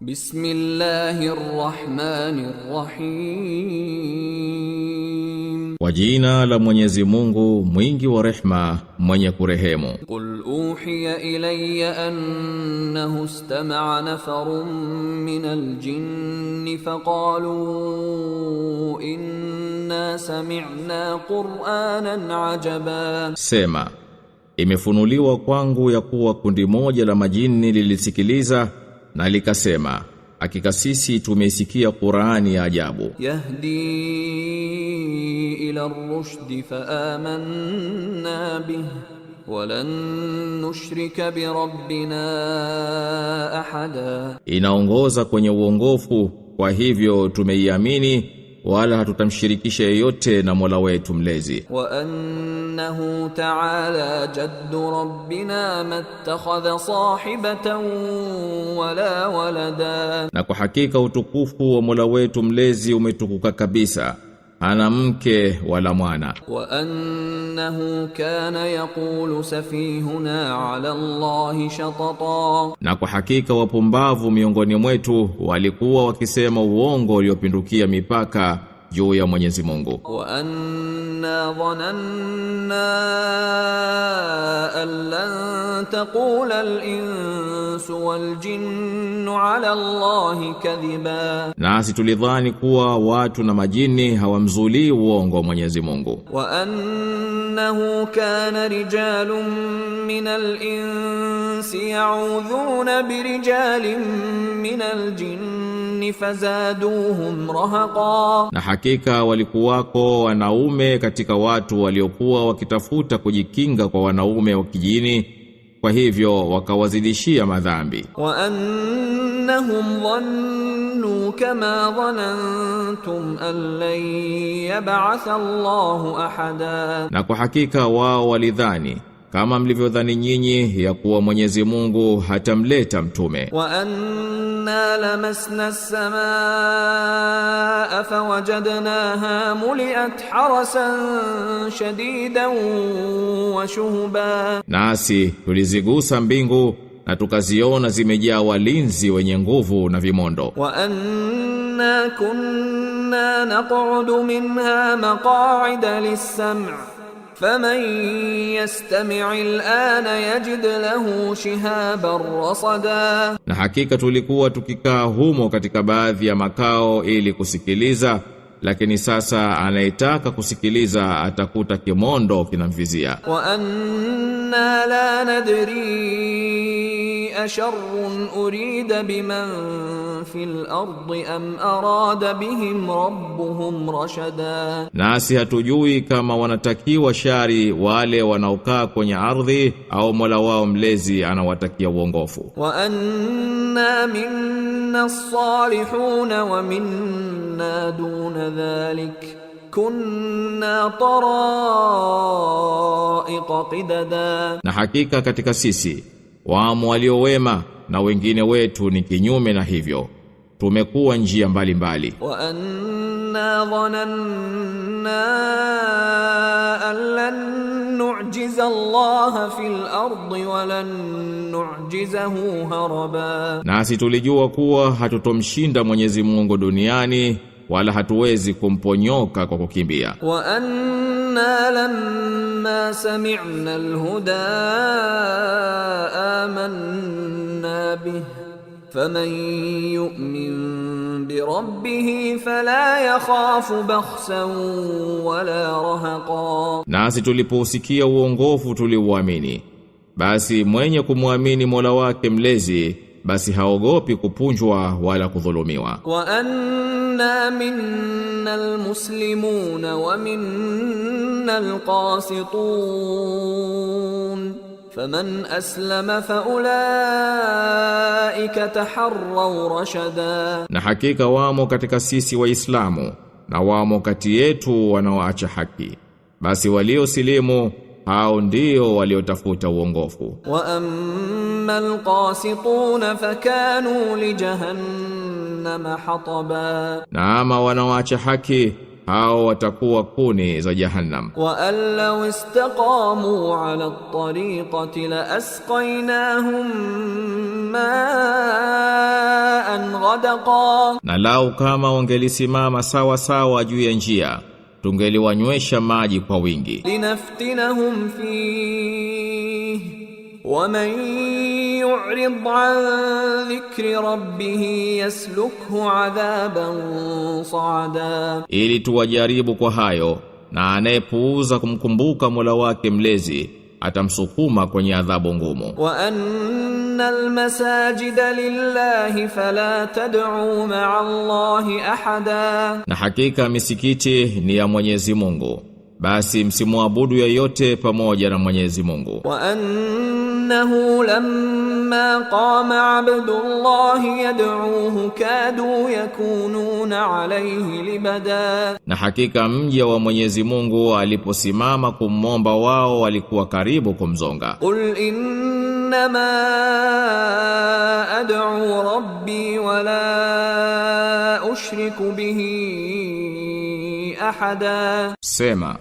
Bismillahir Rahmanir Rahim. Kwa jina la Mwenyezi Mungu mwingi wa rehma mwenye kurehemu. Qul uhiya ilayya annahu istama'a nafarun minal jinni faqalu inna sami'na Qur'anan ajaba. Sema, imefunuliwa kwangu ya kuwa kundi moja la majini lilisikiliza na likasema hakika sisi tumesikia Qur'ani ya ajabu yahdi ila ar-rushd fa amanna bihi wa lan nushrika bi rabbina ahada inaongoza kwenye uongofu kwa hivyo tumeiamini wala hatutamshirikisha yeyote na Mola wetu mlezi. Wa annahu ta'ala jaddu rabbina mattakhadha sahibatan wala walada, na kwa hakika utukufu wa Mola wetu mlezi umetukuka kabisa ana mke wala mwana. Wa annahu kana yaqulu safihuna ala Allahi shatata, na kwa hakika wapumbavu miongoni mwetu walikuwa wakisema uongo uliopindukia mipaka juu ya Mwenyezi Mungu. Wa anna dhananna an lan تقول الانس والجن على الله كذبا nasi tulidhani kuwa watu na majini hawamzulii uongo Mwenyezi Mungu. Wa annahu kana rijalun min al-insi ya'udhuna fazaduhum na hakika walikuwako wanaume katika watu waliokuwa wakitafuta kujikinga kwa wanaume wa kijini kwa hivyo wakawazidishia madhambi. wa annahum dhannu kama dhanantum an lan yab'atha Allahu ahada, na kwa hakika wao walidhani kama mlivyodhani nyinyi ya kuwa Mwenyezi Mungu hatamleta mtume. Wa anna lamasna as-samaa wajadnaha muliat harasan shadidan wa shuhuba, nasi tulizigusa mbingu na tukaziona zimejaa walinzi wenye nguvu na vimondo. Wa anna kunna naq'udu minha maq'ida lis-sam' فمن yastami alana yajid lahu shihaban rasada, na hakika tulikuwa tukikaa humo katika baadhi ya makao ili kusikiliza, lakini sasa anayetaka kusikiliza atakuta kimondo kinamvizia. wa anna la nadri asharrun urida biman fil ardi am arada bihim rabbuhum rashada, nasi hatujui kama wanatakiwa shari wale wanaokaa kwenye ardhi au Mola wao mlezi anawatakia uongofu. wa anna minna as-salihun wa minna duna kunna taraiqa qidada, na hakika katika sisi waamu walio wema na wengine wetu ni kinyume na hivyo, tumekuwa njia mbalimbali mbali. wa anna dhanna an lan nu'jiza Allah fil ardi wa lan nu'jizahu haraba, nasi tulijua kuwa hatutomshinda Mwenyezi Mungu duniani wala hatuwezi kumponyoka kwa kukimbia wa anna lamma sami'na alhuda amanna bih faman yu'min bi birabbih fala yakhafu bakhsan wala rahaqa nasi tulipousikia uongofu tuliuamini basi mwenye kumwamini Mola wake mlezi basi haogopi kupunjwa wala kudhulumiwa wa anna إنا منا المسلمون ومنا القاسطون فمن أسلم فأولئك تحروا رشدا na hakika wamo katika sisi waislamu na wamo kati yetu wanaoacha haki basi waliosilimu hao ndio waliotafuta uongofu wa ammal qasitun fakanu li jahannam jahannama hataba, na ama wanaoacha haki hao watakuwa kuni za Jahannam. wa an law istaqamu ala at-tariqati la asqaynahum ma'an ghadaqa, na lau kama wangelisimama sawa sawa juu ya njia tungeliwanywesha maji kwa wingi. linaftinahum fi وَمَن يُعْرِضْ عَن ذِكْرِ رَبِّهِ يَسْلُكْهُ عَذَابًا صَعَدًا ili tuwajaribu kwa hayo na anayepuuza kumkumbuka Mola wake mlezi atamsukuma kwenye adhabu ngumu wa annal masajida lillahi fala tad'u ma'a Allahi ahada na hakika misikiti ni ya Mwenyezi Mungu basi msimwabudu yeyote pamoja na Mwenyezi Mungu wa innahu lamma qama abdullahi yad'uhu kadu yakununa alayhi libada, na hakika mja wa Mwenyezi Mungu aliposimama kumomba wao walikuwa karibu kumzonga. Qul innama ad'u rabbi wa la ushriku bihi ahada, sema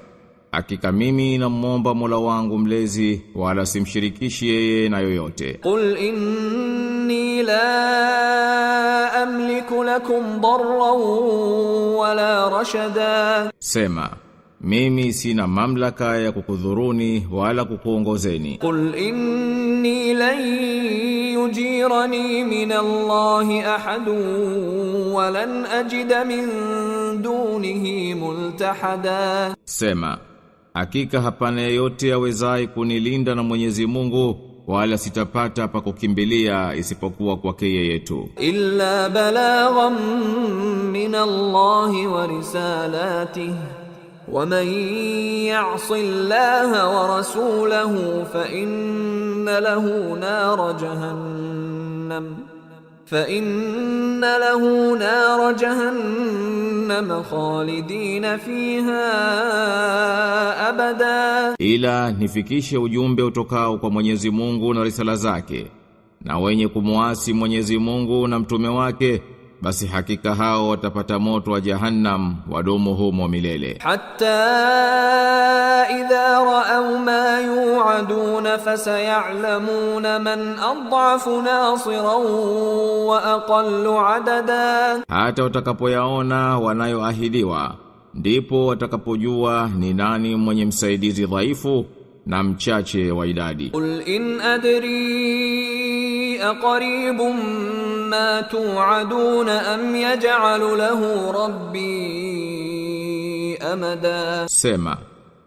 Hakika mimi namwomba mula wangu mlezi wala simshirikishi yeye na yoyote. Qul inni la amliku lakum darran wala rashada, sema mimi sina mamlaka ya kukudhuruni wala kukuongozeni. Qul inni lan yujirani min Allahi ahadun wa ajida min dunihi multahada, sema hakika hapana yeyote awezaye kunilinda na Mwenyezi Mungu wala sitapata pa kukimbilia isipokuwa kwake yeye tu. Illa balaghan min Allah wa risalatihi man ya'si Allah wa rasulahu fa inna lahu nara jahannam فإن له نار جهنم khalidin fiha abada, ila nifikishe ujumbe utokao kwa Mwenyezi Mungu na risala zake, na wenye kumuasi Mwenyezi Mungu na mtume wake basi hakika hao watapata moto wa jahannam wadumu humo milele. Hatta idha raaw ma yuadun fasayalamuna man adhafu nasiran wa aqallu adada, hata watakapoyaona wanayoahidiwa ndipo watakapojua ni nani mwenye msaidizi dhaifu na mchache wa idadi. Qul in adri أقريب ما توعدون أم يجعل له ربي أمدا Sema,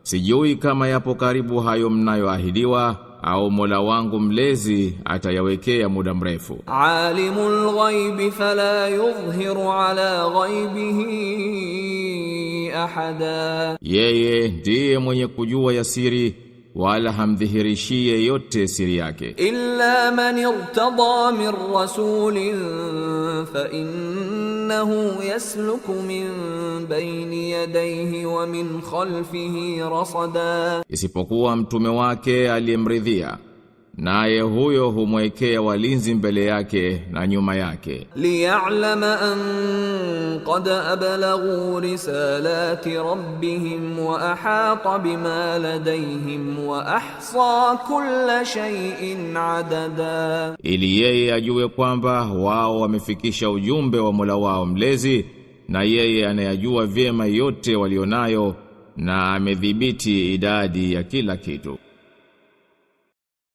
sijui kama yapo karibu hayo mnayoahidiwa au Mola wangu mlezi atayawekea muda mrefu. Alimul ghaib fala yudhhiru ala ghaibihi ahada, yeye ndiye mwenye kujua yasiri wala hamdhihirishi yeyote siri yake. Illa man irtada min rasulin fa innahu yasluku min bayni yadayhi wa min khalfihi rasada, isipokuwa mtume wake aliyemridhia naye huyo humwekea walinzi mbele yake na nyuma yake. liya'lama an qad ablaghu risalati rabbihim wa ahata bima ladayhim wa ahsa kulla shay'in adada, ili yeye ajue kwamba wao wamefikisha ujumbe wa Mola wao mlezi na yeye anayajua vyema yote walionayo na amedhibiti idadi ya kila kitu.